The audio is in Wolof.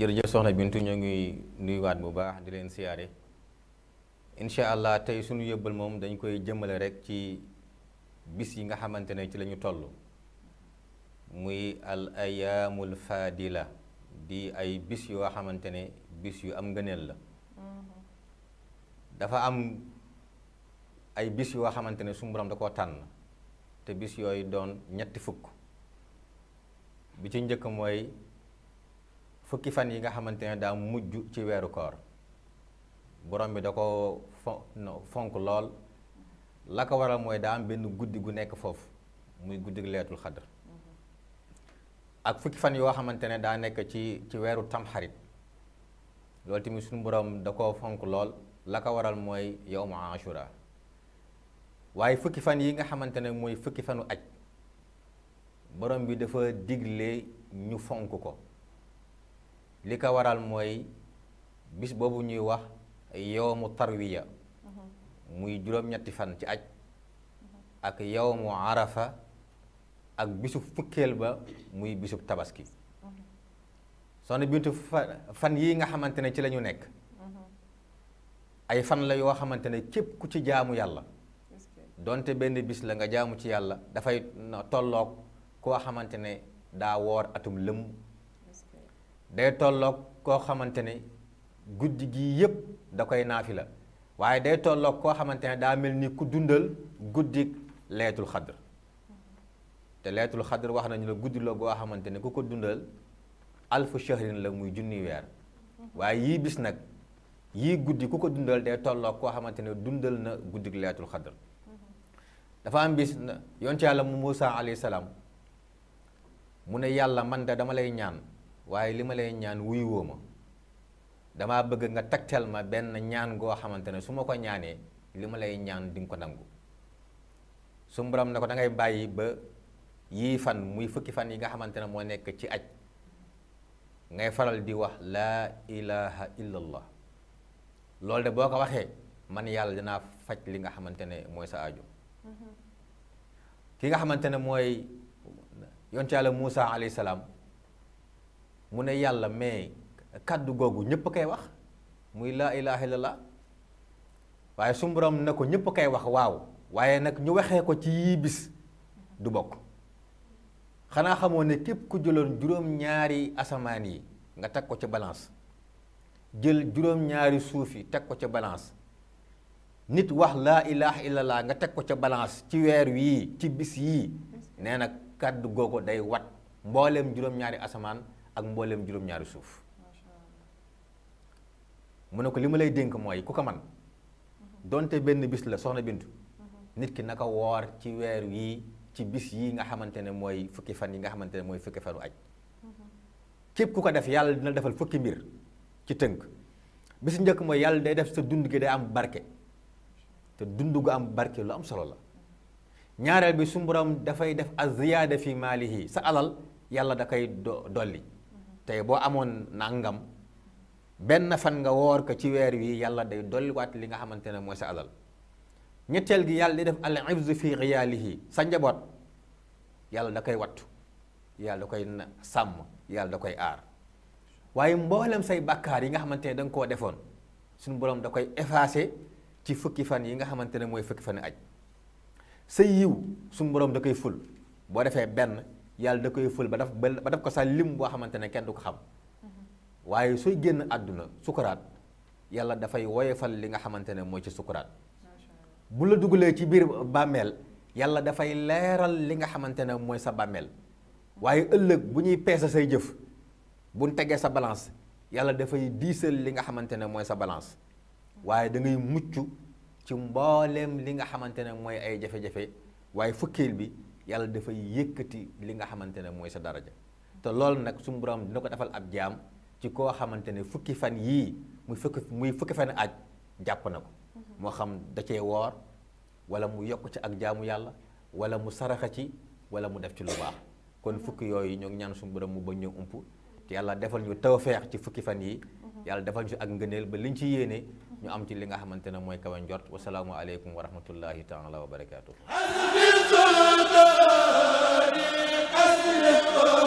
jërëjëf soxna Bintu ñoo ngi nuyuwaat bu baax di leen siyaare incha allah tey suñu yëbbal moom dañ koy jëmmale rek ci bis yi nga xamante ne ci lañu toll muy al ayaamul faadila di ay bis yoo xamante ne bis yu am ngëneel la dafa am ay bis yoo xamante ne suñu da koo tànn te bis yooyu doon ñetti fukk bi ci njëkk mooy fukki fan yi nga xamante ne daa mujj ci weeru koor borom bi da ko fonk lool la ko waral mooy daa benn guddi gu nekk foofu muy guddi gu leetul xadr ak fukki fan yoo xamante ne daa nekk ci ci weeru tamxarit loolu tamit suñu borom da koo fonk lool la ko waral mooy yow yawmu ashura waaye fukki fan yi nga xamante ne mooy fukki fanu aj borom bi dafa digle ñu fonk ko li ko waral mooy bis boobu ñuy wax yowmu tarwiya muy juróom-ñetti fan ci aj ak yowmu arafa ak bisu fukkeel ba muy bisu tabaski soxna Bintu fan yii nga xamante ne ci lañu ñu nekk ay fan la yoo xamante ne képp ku ci jaamu yàlla donte benn bis la nga jaamu ci yàlla dafay tolloog koo xamante ne daa woor atum lëm day tollook koo xamante ne guddi gi yépp da koy naafi la waaye day tolloog koo xamante ne daa mel ni ku dundal guddi leetul xadr te leetul xadr wax nañu la guddi la goo xamante ne ku ko dundal alfu la muy junni weer waaye yii bis nag yii guddi ku ko dundal day tolloog koo xamante ne dundal na guddi leetul xadr dafa am bis yonte yàlla mu Muusa alayhi salaam mu ne yàlla man de dama lay ñaan waaye li ma lay ñaan wuyu woo ma damaa bëgg nga tegtal ma benn ñaan goo xamante ne su ma ko ñaanee li ma lay ñaan di nga ko nangu su borom na ko da ngay bàyyi ba yii fan muy fukki fan yi nga xamante ne moo nekk ci aj ngay faral di wax laa ilaha illallah loolu de boo ko waxee man yàlla dinaa faj li nga xamante ne mooy sa aajo mhm. nga xamante ne mooy yonent yàlla Muusa alayhi salaam mu ne yàlla mais kàddu googu ñëpp koy wax muy laa la illallah waaye su borom na ko ñëpp koy wax waaw waaye nag ñu waxee ko ci yii bis du bokk xanaa xamoon ne képp ku jëloon juróom-ñaari asamaan yi nga teg ko ci balance jël juróom-ñaari suuf yi teg ko ca balance nit wax laa ilaha illallah nga teg ko ca balance ci weer wii ci bis yii nee nag kàddu googu day wat mboolem juróom-ñaari asamaan ak mbooleem juróom-ñaari suuf mu ne ko li ma lay dénk mooy ku ko man donte benn bis la soxna Bintu nit ki naka woor ci weer yii ci bis yii nga xamante ne mooy fukki fan yi nga xamante ne mooy fukki fanu aj képp ku ko def yàlla dina defal fukki mbir ci tënk bis njëkk mooy yàlla day def sa dund gi day am barke te dund gu am barke lu am solo la ñaareel bi su dafay def aziyaada fi maalihi sa alal yàlla da koy dolli tey boo amoon nangam benn fan nga woor ko ci weer wi yàlla day dolliwaat li nga xamante ne mooy sa alal ñetteel gi yàlla di def al ifz fi riyaalihi sa njaboot yàlla da koy wattu yàlla da koy sàmm yàlla da koy aar waaye mboolem say bàkkaar yi nga xamante ne danga nga koo defoon suñu boroom da koy effacé ci fukki fan yi nga xamante ne mooy fukki fan aj sa yiw suñu borom da koy ful boo defee benn yàlla da koy fël ba daf ba ko sa lim boo xamante ne kenn du ko xam mm-hmm. waaye sooy génn àdduna sukuraat yàlla dafay woyefal li nga xamante ne mooy ci sukuraat bu la dugalee ci biir bàmmeel yàlla dafay leeral li nga xamante ne mooy sa bàmmeel waaye ëllëg bu ñuy peese say jëf bu ñu tegee sa balance yàlla dafay diisal li nga xamante ne mooy sa balance waaye da ngay mucc ci mbooleem li nga xamante ne mooy ay jafe-jafe waaye fukkeel bi. yàlla dafay yëkkati li nga xamante ne mooy sa daraja te loolu nag suñu borom dina ko defal ab jaam ci koo xamante ne fukki fan yii muy fukki muy fukki fan aj jàpp na ko mhm. moo xam da cee woor wala mu yokk ci ak jaamu yàlla wala mu saraxa ci wala mu def ci lu baax kon fukki yooyu ñoo ngi ñaan suñu borom mu bañ ñoo ump te yàlla defal ñu feex ci fukki fan yi mhm. yàlla defal ñu ak ngëneel ba liñ ci yéene ñu am ci li nga xamante ne mooy kawe njort wasalaamu aleykum wa rahmatullahi taala wa barakaatu.